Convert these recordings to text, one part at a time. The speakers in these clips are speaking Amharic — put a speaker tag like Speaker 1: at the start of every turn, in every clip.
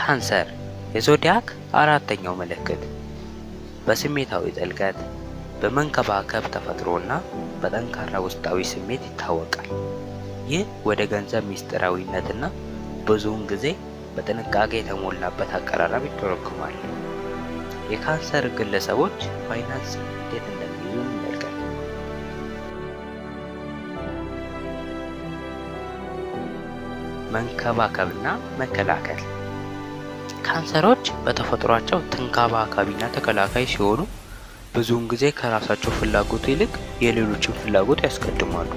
Speaker 1: ካንሰር የዞዲያክ አራተኛው ምልክት በስሜታዊ ጥልቀት በመንከባከብ ተፈጥሮና በጠንካራ ውስጣዊ ስሜት ይታወቃል። ይህ ወደ ገንዘብ ሚስጥራዊነትና ብዙውን ጊዜ በጥንቃቄ የተሞላበት አቀራረብ ይተረጎማል። የካንሰር ግለሰቦች ፋይናንስ እንዴት እንደሚይዙ እንመልከት። መንከባከብና መከላከል ካንሰሮች በተፈጥሯቸው አካቢና ተከላካይ ሲሆኑ ብዙውን ጊዜ ከራሳቸው ፍላጎት ይልቅ የሌሎችን ፍላጎት ያስቀድማሉ።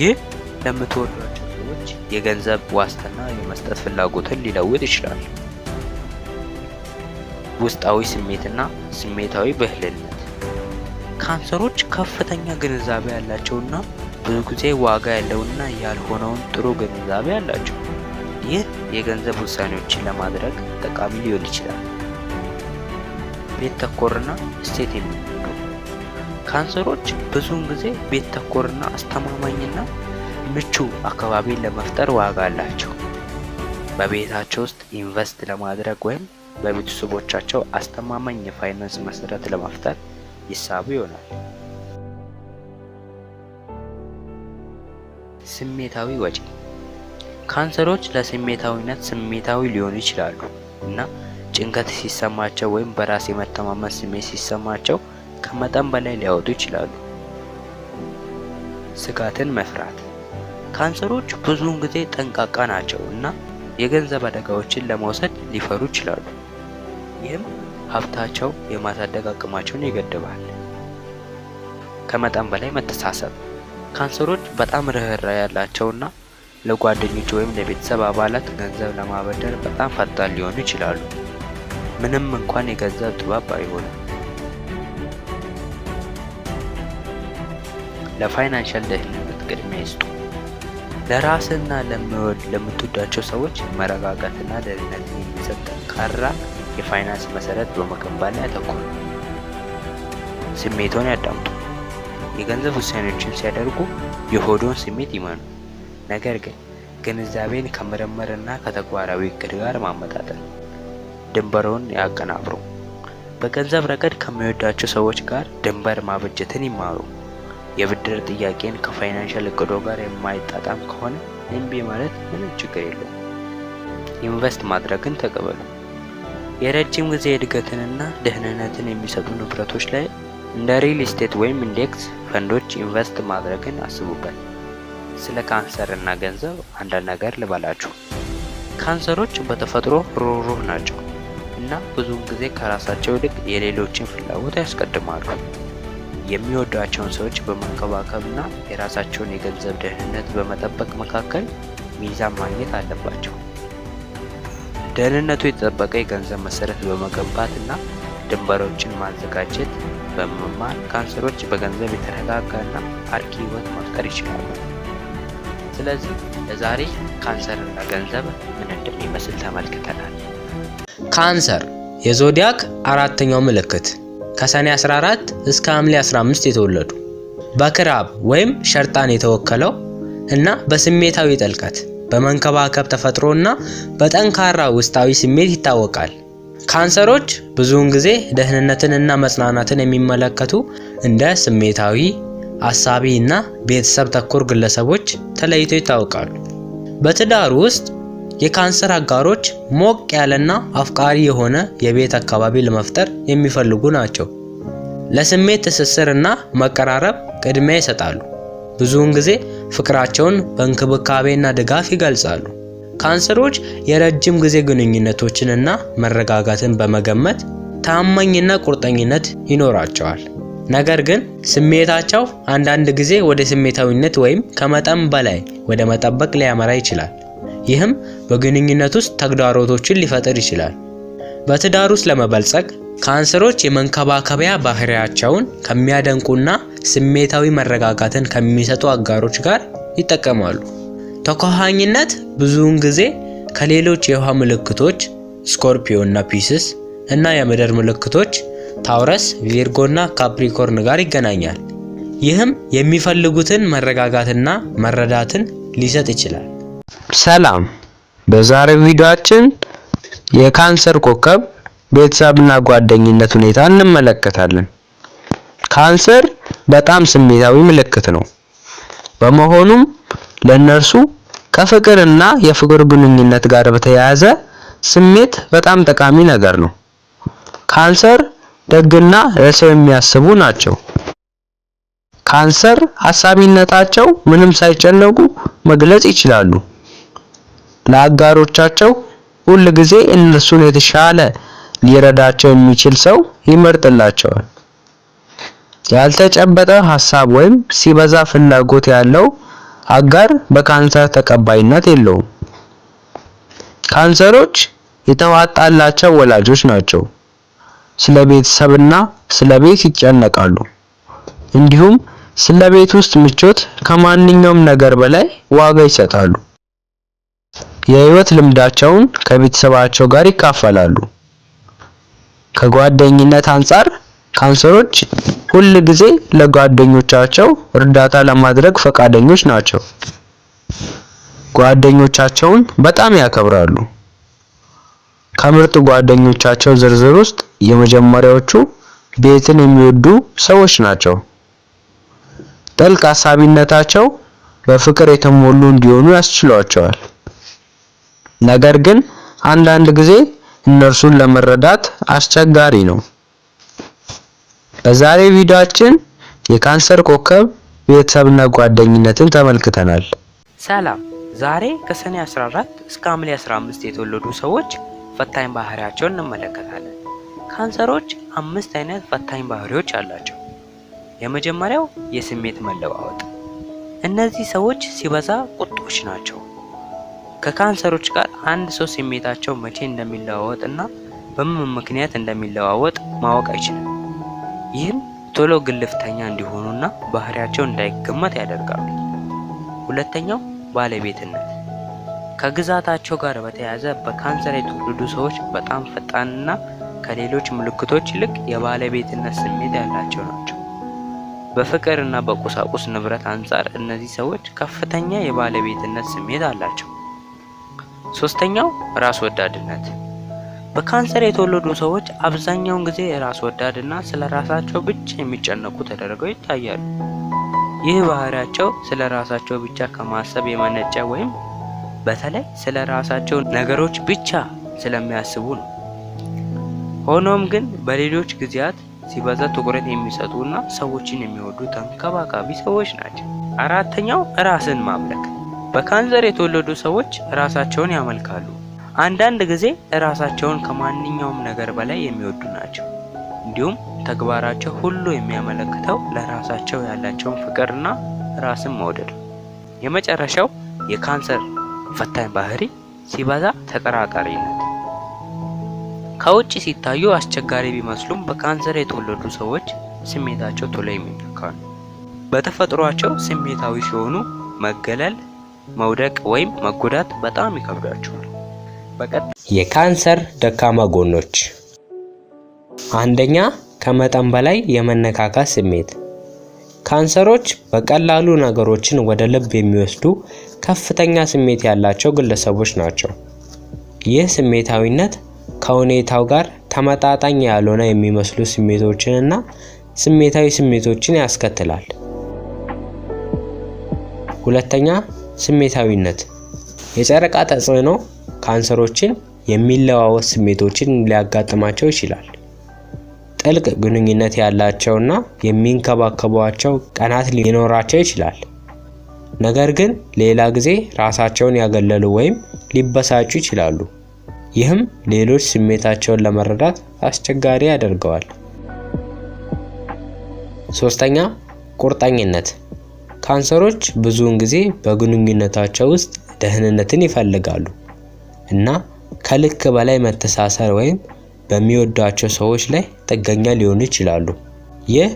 Speaker 1: ይህ ለምትወዷቸው ሰዎች የገንዘብ ዋስትና የመስጠት ፍላጎትን ሊለውጥ ይችላል። ውስጣዊ ስሜትና ስሜታዊ ብህልነት ካንሰሮች ከፍተኛ ግንዛቤ ያላቸውና ብዙ ጊዜ ዋጋ ያለውና ያልሆነውን ጥሩ ግንዛቤ አላቸው። ይህ የገንዘብ ውሳኔዎችን ለማድረግ ጠቃሚ ሊሆን ይችላል። ቤት ተኮርና ስቴት የሚሉ ካንሰሮች ብዙውን ጊዜ ቤት ተኮርና አስተማማኝና ምቹ አካባቢን ለመፍጠር ዋጋ አላቸው። በቤታቸው ውስጥ ኢንቨስት ለማድረግ ወይም በቤተሰቦቻቸው አስተማማኝ የፋይናንስ መሰረት ለመፍጠር ይሳቡ ይሆናል። ስሜታዊ ወጪ ካንሰሮች ለስሜታዊነት ስሜታዊ ሊሆኑ ይችላሉ እና ጭንቀት ሲሰማቸው ወይም በራስ የመተማመን ስሜት ሲሰማቸው ከመጠን በላይ ሊያወጡ ይችላሉ። ስጋትን መፍራት ካንሰሮች ብዙውን ጊዜ ጠንቃቃ ናቸው እና የገንዘብ አደጋዎችን ለመውሰድ ሊፈሩ ይችላሉ። ይህም ሀብታቸው የማሳደግ አቅማቸውን ይገድባል። ከመጠን በላይ መተሳሰብ ካንሰሮች በጣም ርህራ ያላቸውና ለጓደኞች ወይም ለቤተሰብ አባላት ገንዘብ ለማበደር በጣም ፈጣን ሊሆኑ ይችላሉ፣ ምንም እንኳን የገንዘብ ጥበብ ባይሆንም። ለፋይናንሻል ደህንነት ቅድሚያ ይስጡ። ለራስና ለምትወዳቸው ሰዎች መረጋጋትና ደህንነት የሚሰጥ ጠንካራ የፋይናንስ መሰረት በመገንባት ላይ ያተኩሩ። ስሜቶን ያዳምጡ። የገንዘብ ውሳኔዎችን ሲያደርጉ የሆዶን ስሜት ይመኑ። ነገር ግን ግንዛቤን ከምርምርና ከተግባራዊ እቅድ ጋር ማመጣጠን ድንበሮን ያቀናብሩ። በገንዘብ ረገድ ከሚወዳቸው ሰዎች ጋር ድንበር ማበጀትን ይማሩ። የብድር ጥያቄን ከፋይናንሻል እቅዶ ጋር የማይጣጣም ከሆነ እምቢ ማለት ምንም ችግር የለውም። ኢንቨስት ማድረግን ተቀበሉ። የረጅም ጊዜ እድገትንና ደህንነትን የሚሰጡ ንብረቶች ላይ እንደ ሪል ስቴት ወይም ኢንዴክስ ፈንዶች ኢንቨስት ማድረግን አስቡበት። ስለ ካንሰር እና ገንዘብ አንዳንድ ነገር ልበላችሁ። ካንሰሮች በተፈጥሮ ሩህሩህ ናቸው እና ብዙውን ጊዜ ከራሳቸው ይልቅ የሌሎችን ፍላጎት ያስቀድማሉ። የሚወዷቸውን ሰዎች በመንከባከብ እና የራሳቸውን የገንዘብ ደህንነት በመጠበቅ መካከል ሚዛን ማግኘት አለባቸው። ደህንነቱ የተጠበቀ የገንዘብ መሰረት በመገንባት እና ድንበሮችን ማዘጋጀት በመማር ካንሰሮች በገንዘብ የተረጋጋ እና አርኪ ህይወት መፍጠር ይችላሉ። ስለዚህ ለዛሬ ካንሰር እና ገንዘብ ምን እንደሚመስል ተመልክተናል። ካንሰር የዞዲያክ አራተኛው ምልክት ከሰኔ 14 እስከ ሐምሌ 15 የተወለዱ በክራብ ወይም ሸርጣን የተወከለው እና በስሜታዊ ጥልቀት በመንከባከብ ተፈጥሮና በጠንካራ ውስጣዊ ስሜት ይታወቃል። ካንሰሮች ብዙውን ጊዜ ደህንነትን እና መጽናናትን የሚመለከቱ እንደ ስሜታዊ አሳቢ እና ቤተሰብ ተኮር ግለሰቦች ተለይተው ይታወቃሉ። በትዳር ውስጥ የካንሰር አጋሮች ሞቅ ያለና አፍቃሪ የሆነ የቤት አካባቢ ለመፍጠር የሚፈልጉ ናቸው። ለስሜት ትስስር እና መቀራረብ ቅድሚያ ይሰጣሉ። ብዙውን ጊዜ ፍቅራቸውን በእንክብካቤና ድጋፍ ይገልጻሉ። ካንሰሮች የረጅም ጊዜ ግንኙነቶችንና መረጋጋትን በመገመት ታማኝና ቁርጠኝነት ይኖራቸዋል። ነገር ግን ስሜታቸው አንዳንድ ጊዜ ወደ ስሜታዊነት ወይም ከመጠን በላይ ወደ መጠበቅ ሊያመራ ይችላል። ይህም በግንኙነት ውስጥ ተግዳሮቶችን ሊፈጥር ይችላል። በትዳር ውስጥ ለመበልጸግ ካንሰሮች የመንከባከቢያ ባህሪያቸውን ከሚያደንቁና ስሜታዊ መረጋጋትን ከሚሰጡ አጋሮች ጋር ይጠቀማሉ። ተኳኋኝነት ብዙውን ጊዜ ከሌሎች የውሃ ምልክቶች ስኮርፒዮና ፒስስ እና የምድር ምልክቶች ታውረስ፣ ቪርጎና ካፕሪኮርን ጋር ይገናኛል። ይህም የሚፈልጉትን መረጋጋትና መረዳትን
Speaker 2: ሊሰጥ ይችላል። ሰላም፣ በዛሬው ቪዲዮአችን የካንሰር ኮከብ ቤተሰብና ጓደኝነት ሁኔታ እንመለከታለን። ካንሰር በጣም ስሜታዊ ምልክት ነው። በመሆኑም ለእነርሱ ከፍቅርና የፍቅር ግንኙነት ጋር በተያያዘ ስሜት በጣም ጠቃሚ ነገር ነው። ካንሰር ደግና ለሰው የሚያስቡ ናቸው። ካንሰር አሳቢነታቸው ምንም ሳይጨነቁ መግለጽ ይችላሉ። ለአጋሮቻቸው ሁል ጊዜ እነሱን የተሻለ ሊረዳቸው የሚችል ሰው ይመርጥላቸዋል። ያልተጨበጠ ሀሳብ ወይም ሲበዛ ፍላጎት ያለው አጋር በካንሰር ተቀባይነት የለውም። ካንሰሮች የተዋጣላቸው ወላጆች ናቸው። ስለ ቤተሰብና ስለ ቤት ይጨነቃሉ። እንዲሁም ስለ ቤት ውስጥ ምቾት ከማንኛውም ነገር በላይ ዋጋ ይሰጣሉ። የህይወት ልምዳቸውን ከቤተሰባቸው ጋር ይካፈላሉ። ከጓደኝነት አንጻር ካንሰሮች ሁል ጊዜ ለጓደኞቻቸው እርዳታ ለማድረግ ፈቃደኞች ናቸው። ጓደኞቻቸውን በጣም ያከብራሉ። ከምርጥ ጓደኞቻቸው ዝርዝር ውስጥ የመጀመሪያዎቹ ቤትን የሚወዱ ሰዎች ናቸው። ጥልቅ አሳቢነታቸው በፍቅር የተሞሉ እንዲሆኑ ያስችሏቸዋል። ነገር ግን አንዳንድ ጊዜ እነርሱን ለመረዳት አስቸጋሪ ነው። በዛሬ ቪዲዮአችን የካንሰር ኮከብ ቤተሰብና ጓደኝነትን ተመልክተናል።
Speaker 1: ሰላም። ዛሬ ከሰኔ 14 እስከ ሐምሌ 15 የተወለዱ ሰዎች ፈታኝ ባህሪያቸውን እንመለከታለን። ካንሰሮች አምስት አይነት ፈታኝ ባህሪዎች አላቸው። የመጀመሪያው የስሜት መለዋወጥ። እነዚህ ሰዎች ሲበዛ ቁጦች ናቸው። ከካንሰሮች ጋር አንድ ሰው ስሜታቸው መቼ እንደሚለዋወጥ እና በምን ምክንያት እንደሚለዋወጥ ማወቅ አይችልም። ይህም ቶሎ ግልፍተኛ እንዲሆኑና ባህሪያቸው እንዳይገመት ያደርጋሉ። ሁለተኛው ባለቤትነት ከግዛታቸው ጋር በተያያዘ በካንሰር የተወለዱ ሰዎች በጣም ፈጣንና ከሌሎች ምልክቶች ይልቅ የባለቤትነት ስሜት ያላቸው ናቸው። በፍቅር እና በቁሳቁስ ንብረት አንጻር እነዚህ ሰዎች ከፍተኛ የባለቤትነት ስሜት አላቸው። ሶስተኛው ራስ ወዳድነት። በካንሰር የተወለዱ ሰዎች አብዛኛውን ጊዜ ራስ ወዳድና ስለ ራሳቸው ብቻ የሚጨነቁ ተደርገው ይታያሉ። ይህ ባህሪያቸው ስለ ራሳቸው ብቻ ከማሰብ የመነጨ ወይም በተለይ ስለ ራሳቸው ነገሮች ብቻ ስለሚያስቡ ነው። ሆኖም ግን በሌሎች ጊዜያት ሲበዛ ትኩረት የሚሰጡና ሰዎችን የሚወዱ ተንከባካቢ ሰዎች ናቸው። አራተኛው ራስን ማምለክ። በካንሰር የተወለዱ ሰዎች ራሳቸውን ያመልካሉ። አንዳንድ ጊዜ ራሳቸውን ከማንኛውም ነገር በላይ የሚወዱ ናቸው። እንዲሁም ተግባራቸው ሁሉ የሚያመለክተው ለራሳቸው ያላቸውን ፍቅርና ራስን መውደድ። የመጨረሻው የካንሰር ፈታኝ ባህሪ፣ ሲበዛ ተጠራጣሪነት። ከውጭ ሲታዩ አስቸጋሪ ቢመስሉም በካንሰር የተወለዱ ሰዎች ስሜታቸው ቶሎ የሚነካ ነው። በተፈጥሯቸው ስሜታዊ ሲሆኑ መገለል፣ መውደቅ ወይም መጎዳት በጣም ይከብዳቸዋል። የካንሰር ደካማ ጎኖች፣ አንደኛ ከመጠን በላይ የመነካካት ስሜት። ካንሰሮች በቀላሉ ነገሮችን ወደ ልብ የሚወስዱ ከፍተኛ ስሜት ያላቸው ግለሰቦች ናቸው። ይህ ስሜታዊነት ከሁኔታው ጋር ተመጣጣኝ ያልሆነ የሚመስሉ ስሜቶችንና ስሜታዊ ስሜቶችን ያስከትላል። ሁለተኛ፣ ስሜታዊነት የጨረቃ ተጽዕኖ ካንሰሮችን የሚለዋወጥ ስሜቶችን ሊያጋጥማቸው ይችላል። ጥልቅ ግንኙነት ያላቸውና የሚንከባከቧቸው ቀናት ሊኖራቸው ይችላል። ነገር ግን ሌላ ጊዜ ራሳቸውን ያገለሉ ወይም ሊበሳጩ ይችላሉ። ይህም ሌሎች ስሜታቸውን ለመረዳት አስቸጋሪ ያደርገዋል። ሶስተኛ ቁርጠኝነት። ካንሰሮች ብዙውን ጊዜ በግንኙነታቸው ውስጥ ደህንነትን ይፈልጋሉ እና ከልክ በላይ መተሳሰር ወይም በሚወዷቸው ሰዎች ላይ ጥገኛ ሊሆኑ ይችላሉ። ይህ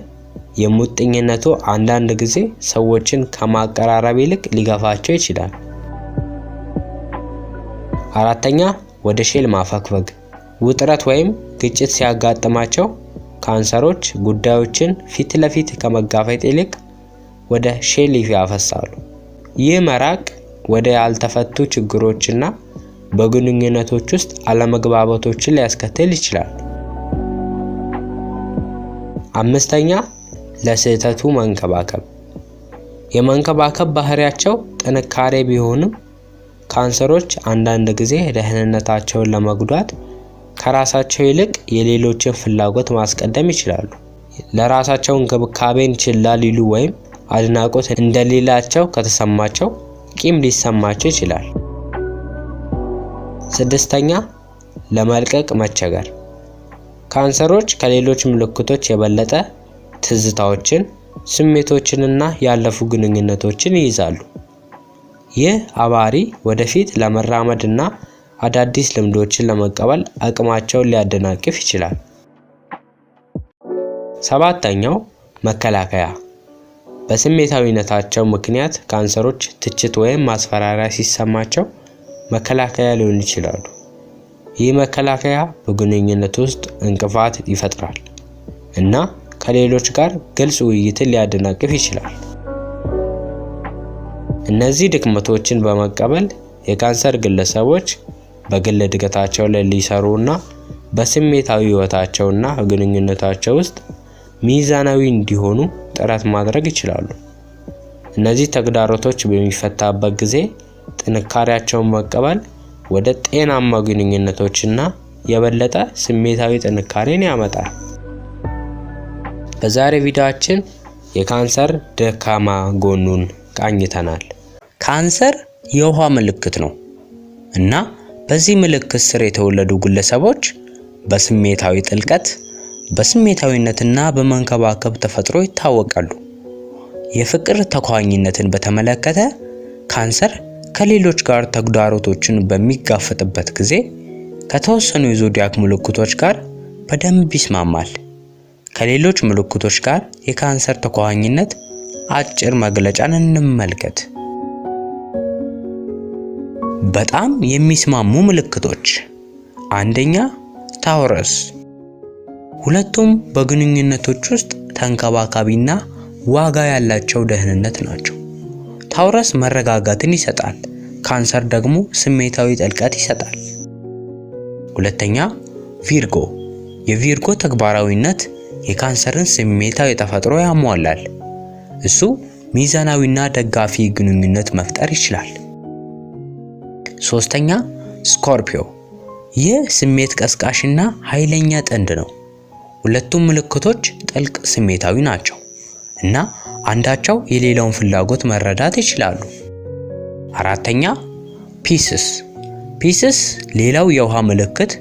Speaker 1: የሙጥኝነቱ አንዳንድ ጊዜ ሰዎችን ከማቀራረብ ይልቅ ሊገፋቸው ይችላል። አራተኛ ወደ ሼል ማፈግፈግ ውጥረት ወይም ግጭት ሲያጋጥማቸው ካንሰሮች ጉዳዮችን ፊት ለፊት ከመጋፈጥ ይልቅ ወደ ሼል ያፈሳሉ። ይህ መራቅ ወደ ያልተፈቱ ችግሮችና በግንኙነቶች ውስጥ አለመግባባቶችን ሊያስከትል ይችላል። አምስተኛ ለስህተቱ መንከባከብ የመንከባከብ ባህሪያቸው ጥንካሬ ቢሆንም ካንሰሮች አንዳንድ ጊዜ ደህንነታቸውን ለመጉዳት ከራሳቸው ይልቅ የሌሎችን ፍላጎት ማስቀደም ይችላሉ። ለራሳቸው እንክብካቤን ችላ ሊሉ ወይም አድናቆት እንደሌላቸው ከተሰማቸው ቂም ሊሰማቸው ይችላል። ስድስተኛ ለመልቀቅ መቸገር። ካንሰሮች ከሌሎች ምልክቶች የበለጠ ትዝታዎችን፣ ስሜቶችንና ያለፉ ግንኙነቶችን ይይዛሉ። ይህ አባሪ ወደፊት ለመራመድና አዳዲስ ልምዶችን ለመቀበል አቅማቸውን ሊያደናቅፍ ይችላል። ሰባተኛው መከላከያ በስሜታዊነታቸው ምክንያት ካንሰሮች ትችት ወይም ማስፈራሪያ ሲሰማቸው መከላከያ ሊሆኑ ይችላሉ። ይህ መከላከያ በግንኙነት ውስጥ እንቅፋት ይፈጥራል እና ከሌሎች ጋር ግልጽ ውይይትን ሊያደናቅፍ ይችላል። እነዚህ ድክመቶችን በመቀበል የካንሰር ግለሰቦች በግል እድገታቸው ላይ ሊሰሩና በስሜታዊ ህይወታቸውና ግንኙነታቸው ውስጥ ሚዛናዊ እንዲሆኑ ጥረት ማድረግ ይችላሉ። እነዚህ ተግዳሮቶች በሚፈታበት ጊዜ ጥንካሬያቸውን መቀበል ወደ ጤናማ ግንኙነቶችና የበለጠ ስሜታዊ ጥንካሬን ያመጣል። በዛሬ ቪዲዮአችን የካንሰር ደካማ ጎኑን ቃኝተናል። ካንሰር የውሃ ምልክት ነው እና በዚህ ምልክት ስር የተወለዱ ግለሰቦች በስሜታዊ ጥልቀት፣ በስሜታዊነትና በመንከባከብ ተፈጥሮ ይታወቃሉ። የፍቅር ተኳኝነትን በተመለከተ ካንሰር ከሌሎች ጋር ተግዳሮቶችን በሚጋፈጥበት ጊዜ ከተወሰኑ የዞዲያክ ምልክቶች ጋር በደንብ ይስማማል። ከሌሎች ምልክቶች ጋር የካንሰር ተኳዋኝነት አጭር መግለጫን እንመልከት። በጣም የሚስማሙ ምልክቶች፣ አንደኛ ታውረስ፣ ሁለቱም በግንኙነቶች ውስጥ ተንከባካቢና ዋጋ ያላቸው ደህንነት ናቸው። ታውረስ መረጋጋትን ይሰጣል፣ ካንሰር ደግሞ ስሜታዊ ጥልቀት ይሰጣል። ሁለተኛ ቪርጎ፣ የቪርጎ ተግባራዊነት የካንሰርን ስሜታዊ ተፈጥሮ ያሟላል። እሱ ሚዛናዊና ደጋፊ ግንኙነት መፍጠር ይችላል። ሶስተኛ ስኮርፒዮ፣ ይህ ስሜት ቀስቃሽና ኃይለኛ ጥንድ ነው። ሁለቱም ምልክቶች ጥልቅ ስሜታዊ ናቸው እና አንዳቸው የሌላውን ፍላጎት መረዳት ይችላሉ። አራተኛ ፒስስ፣ ፒስስ ሌላው የውሃ ምልክት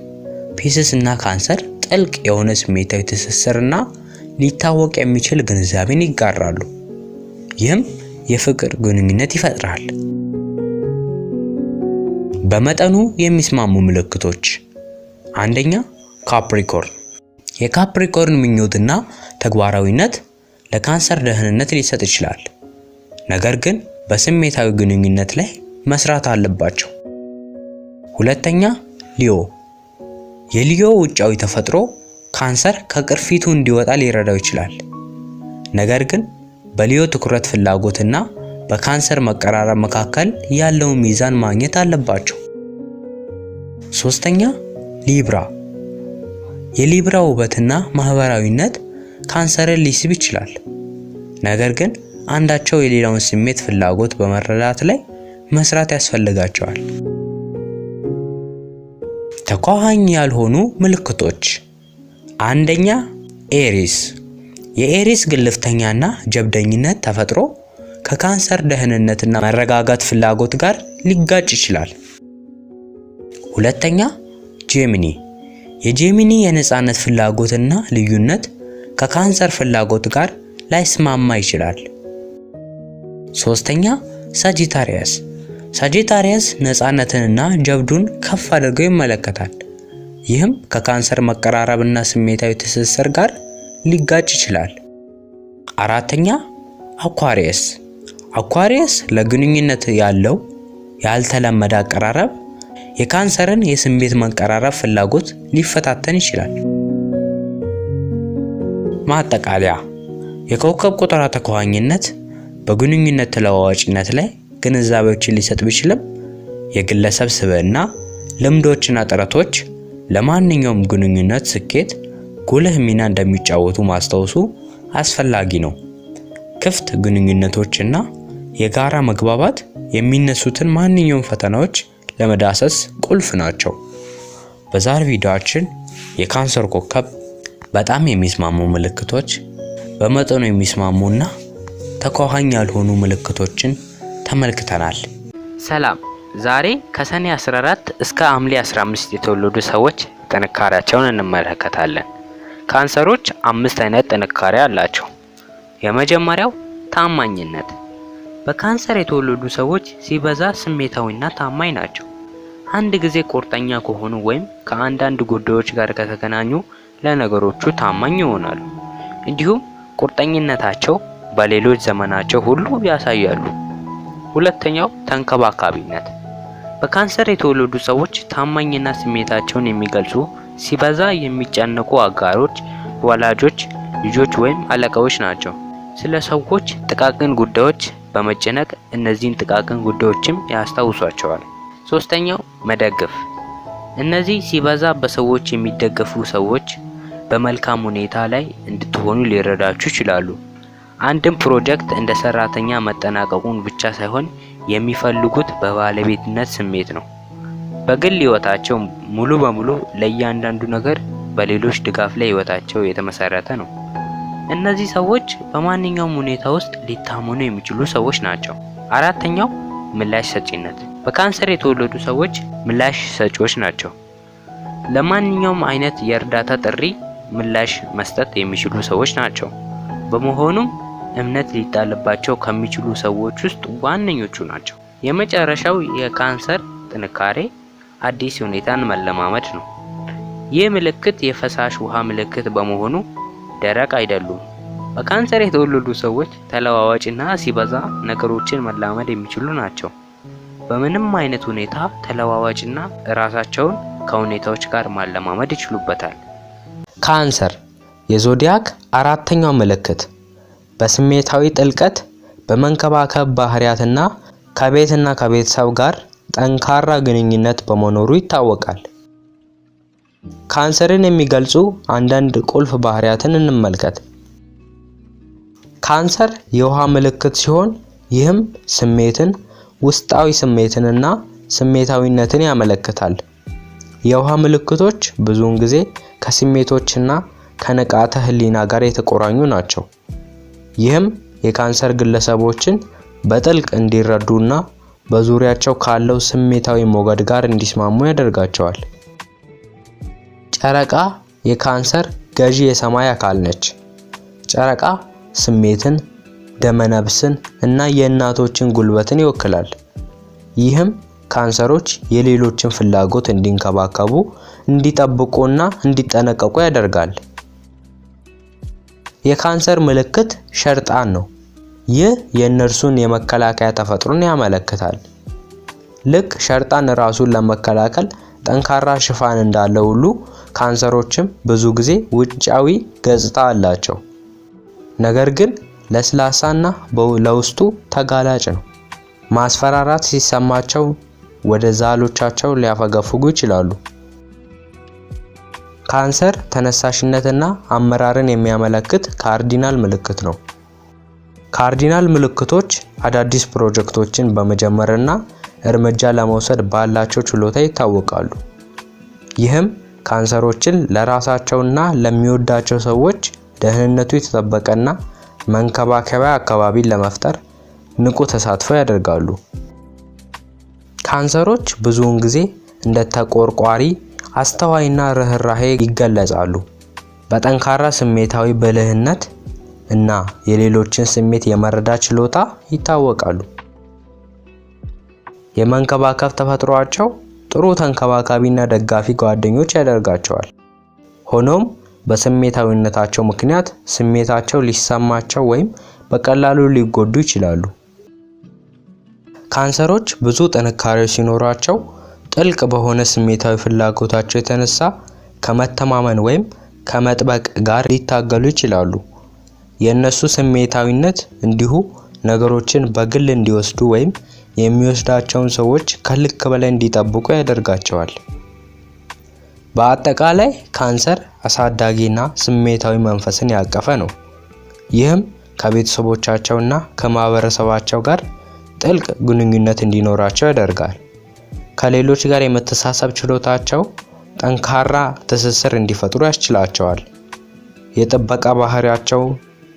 Speaker 1: ፒስስ እና ካንሰር ጥልቅ የሆነ ስሜታዊ ትስስርና ሊታወቅ የሚችል ግንዛቤን ይጋራሉ። ይህም የፍቅር ግንኙነት ይፈጥራል። በመጠኑ የሚስማሙ ምልክቶች፣ አንደኛ ካፕሪኮርን። የካፕሪኮርን ምኞትና ተግባራዊነት ለካንሰር ደህንነት ሊሰጥ ይችላል፣ ነገር ግን በስሜታዊ ግንኙነት ላይ መስራት አለባቸው። ሁለተኛ ሊዮ የሊዮ ውጫዊ ተፈጥሮ ካንሰር ከቅርፊቱ እንዲወጣ ሊረዳው ይችላል። ነገር ግን በሊዮ ትኩረት ፍላጎትና በካንሰር መቀራረብ መካከል ያለውን ሚዛን ማግኘት አለባቸው። ሶስተኛ ሊብራ። የሊብራ ውበትና ማህበራዊነት ካንሰርን ሊስብ ይችላል። ነገር ግን አንዳቸው የሌላውን ስሜት ፍላጎት በመረዳት ላይ መስራት ያስፈልጋቸዋል። ተኳኋኝ ያልሆኑ ምልክቶች አንደኛ ኤሪስ የኤሪስ ግልፍተኛና ጀብደኝነት ተፈጥሮ ከካንሰር ደህንነትና መረጋጋት ፍላጎት ጋር ሊጋጭ ይችላል። ሁለተኛ ጄሚኒ የጄሚኒ የነፃነት ፍላጎትና ልዩነት ከካንሰር ፍላጎት ጋር ላይስማማ ይችላል። ሶስተኛ ሳጂታሪያስ ሳጂታሪያስ ነፃነትንና ጀብዱን ከፍ አድርገው ይመለከታል። ይህም ከካንሰር መቀራረብና ስሜታዊ ትስስር ጋር ሊጋጭ ይችላል። አራተኛ አኳሪየስ። አኳሪየስ ለግንኙነት ያለው ያልተለመደ አቀራረብ የካንሰርን የስሜት መቀራረብ ፍላጎት ሊፈታተን ይችላል። ማጠቃለያ የኮከብ ቁጠራ ተኳኋኝነት በግንኙነት ተለዋዋጭነት ላይ ግንዛቤዎችን ሊሰጥ ቢችልም የግለሰብ ስብዕና ልምዶችና ጥረቶች ለማንኛውም ግንኙነት ስኬት ጉልህ ሚና እንደሚጫወቱ ማስታወሱ አስፈላጊ ነው። ክፍት ግንኙነቶችና የጋራ መግባባት የሚነሱትን ማንኛውም ፈተናዎች ለመዳሰስ ቁልፍ ናቸው። በዛሬ ቪዲዮአችን የካንሰር ኮከብ በጣም የሚስማሙ ምልክቶች፣ በመጠኑ የሚስማሙና ተኳኋኝ ያልሆኑ ምልክቶችን ተመልክተናል። ሰላም። ዛሬ ከሰኔ 14 እስከ ሐምሌ 15 የተወለዱ ሰዎች ጥንካሬያቸውን እንመለከታለን። ካንሰሮች አምስት አይነት ጥንካሬ አላቸው። የመጀመሪያው ታማኝነት። በካንሰር የተወለዱ ሰዎች ሲበዛ ስሜታዊና ታማኝ ናቸው። አንድ ጊዜ ቁርጠኛ ከሆኑ ወይም ከአንዳንድ ጉዳዮች ጋር ከተገናኙ ለነገሮቹ ታማኝ ይሆናሉ። እንዲሁም ቁርጠኝነታቸው በሌሎች ዘመናቸው ሁሉ ያሳያሉ። ሁለተኛው ተንከባካቢነት በካንሰር የተወለዱ ሰዎች ታማኝና ስሜታቸውን የሚገልጹ ሲበዛ የሚጨነቁ አጋሮች፣ ወላጆች፣ ልጆች ወይም አለቃዎች ናቸው። ስለ ሰዎች ጥቃቅን ጉዳዮች በመጨነቅ እነዚህን ጥቃቅን ጉዳዮችም ያስታውሷቸዋል። ሶስተኛው መደገፍ። እነዚህ ሲበዛ በሰዎች የሚደገፉ ሰዎች በመልካም ሁኔታ ላይ እንድትሆኑ ሊረዳችሁ ይችላሉ። አንድም ፕሮጀክት እንደ ሰራተኛ መጠናቀቁን ብቻ ሳይሆን የሚፈልጉት በባለቤትነት ስሜት ነው። በግል ህይወታቸው ሙሉ በሙሉ ለእያንዳንዱ ነገር በሌሎች ድጋፍ ላይ ህይወታቸው የተመሰረተ ነው። እነዚህ ሰዎች በማንኛውም ሁኔታ ውስጥ ሊታመኑ የሚችሉ ሰዎች ናቸው። አራተኛው ምላሽ ሰጪነት። በካንሰር የተወለዱ ሰዎች ምላሽ ሰጪዎች ናቸው። ለማንኛውም አይነት የእርዳታ ጥሪ ምላሽ መስጠት የሚችሉ ሰዎች ናቸው። በመሆኑም እምነት ሊጣልባቸው ከሚችሉ ሰዎች ውስጥ ዋነኞቹ ናቸው። የመጨረሻው የካንሰር ጥንካሬ አዲስ ሁኔታን መለማመድ ነው። ይህ ምልክት የፈሳሽ ውሃ ምልክት በመሆኑ ደረቅ አይደሉም። በካንሰር የተወለዱ ሰዎች ተለዋዋጭና ሲበዛ ነገሮችን መላመድ የሚችሉ ናቸው። በምንም አይነት ሁኔታ ተለዋዋጭና ራሳቸውን ከሁኔታዎች ጋር ማለማመድ ይችሉበታል። ካንሰር የዞዲያክ አራተኛው ምልክት በስሜታዊ ጥልቀት በመንከባከብ ባህሪያትና ከቤትና ከቤተሰብ ጋር ጠንካራ ግንኙነት በመኖሩ ይታወቃል። ካንሰርን የሚገልጹ አንዳንድ ቁልፍ ባህሪያትን እንመልከት። ካንሰር የውሃ ምልክት ሲሆን ይህም ስሜትን፣ ውስጣዊ ስሜትንና ስሜታዊነትን ያመለክታል። የውሃ ምልክቶች ብዙውን ጊዜ ከስሜቶችና ከንቃተ ህሊና ጋር የተቆራኙ ናቸው። ይህም የካንሰር ግለሰቦችን በጥልቅ እንዲረዱና በዙሪያቸው ካለው ስሜታዊ ሞገድ ጋር እንዲስማሙ ያደርጋቸዋል። ጨረቃ የካንሰር ገዢ የሰማይ አካል ነች። ጨረቃ ስሜትን፣ ደመነብስን እና የእናቶችን ጉልበትን ይወክላል። ይህም ካንሰሮች የሌሎችን ፍላጎት እንዲንከባከቡ፣ እንዲጠብቁና እንዲጠነቀቁ ያደርጋል። የካንሰር ምልክት ሸርጣን ነው። ይህ የእነርሱን የመከላከያ ተፈጥሮን ያመለክታል። ልክ ሸርጣን ራሱን ለመከላከል ጠንካራ ሽፋን እንዳለ ሁሉ ካንሰሮችም ብዙ ጊዜ ውጫዊ ገጽታ አላቸው። ነገር ግን ለስላሳና ለውስጡ ተጋላጭ ነው። ማስፈራራት ሲሰማቸው ወደ ዛሎቻቸው ሊያፈገፍጉ ይችላሉ። ካንሰር ተነሳሽነትና አመራርን የሚያመለክት ካርዲናል ምልክት ነው። ካርዲናል ምልክቶች አዳዲስ ፕሮጀክቶችን በመጀመርና እርምጃ ለመውሰድ ባላቸው ችሎታ ይታወቃሉ። ይህም ካንሰሮችን ለራሳቸውና ለሚወዳቸው ሰዎች ደህንነቱ የተጠበቀና መንከባከቢያ አካባቢን ለመፍጠር ንቁ ተሳትፎ ያደርጋሉ። ካንሰሮች ብዙውን ጊዜ እንደ ተቆርቋሪ አስተዋይና ርኅራሄ ይገለጻሉ። በጠንካራ ስሜታዊ ብልህነት እና የሌሎችን ስሜት የመረዳት ችሎታ ይታወቃሉ። የመንከባከብ ተፈጥሯቸው ጥሩ ተንከባካቢና ደጋፊ ጓደኞች ያደርጋቸዋል። ሆኖም በስሜታዊነታቸው ምክንያት ስሜታቸው ሊሰማቸው ወይም በቀላሉ ሊጎዱ ይችላሉ። ካንሰሮች ብዙ ጥንካሬዎች ሲኖራቸው። ጥልቅ በሆነ ስሜታዊ ፍላጎታቸው የተነሳ ከመተማመን ወይም ከመጥበቅ ጋር ሊታገሉ ይችላሉ። የእነሱ ስሜታዊነት እንዲሁ ነገሮችን በግል እንዲወስዱ ወይም የሚወስዳቸውን ሰዎች ከልክ በላይ እንዲጠብቁ ያደርጋቸዋል። በአጠቃላይ ካንሰር አሳዳጊና ስሜታዊ መንፈስን ያቀፈ ነው። ይህም ከቤተሰቦቻቸውና ከማህበረሰባቸው ጋር ጥልቅ ግንኙነት እንዲኖራቸው ያደርጋል። ከሌሎች ጋር የመተሳሰብ ችሎታቸው ጠንካራ ትስስር እንዲፈጥሩ ያስችላቸዋል። የጥበቃ ባህሪያቸው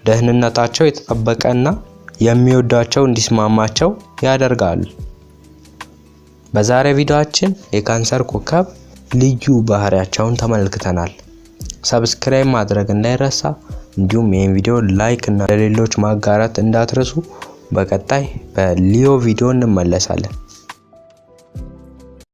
Speaker 1: ደህንነታቸው የተጠበቀና የሚወዳቸው እንዲስማማቸው ያደርጋል። በዛሬ ቪዲዮአችን የካንሰር ኮከብ ልዩ ባህሪያቸውን ተመልክተናል። ሰብስክራይብ ማድረግ እንዳይረሳ፣ እንዲሁም ይህን ቪዲዮ ላይክ እና ለሌሎች ማጋራት እንዳትረሱ። በቀጣይ በሊዮ ቪዲዮ እንመለሳለን።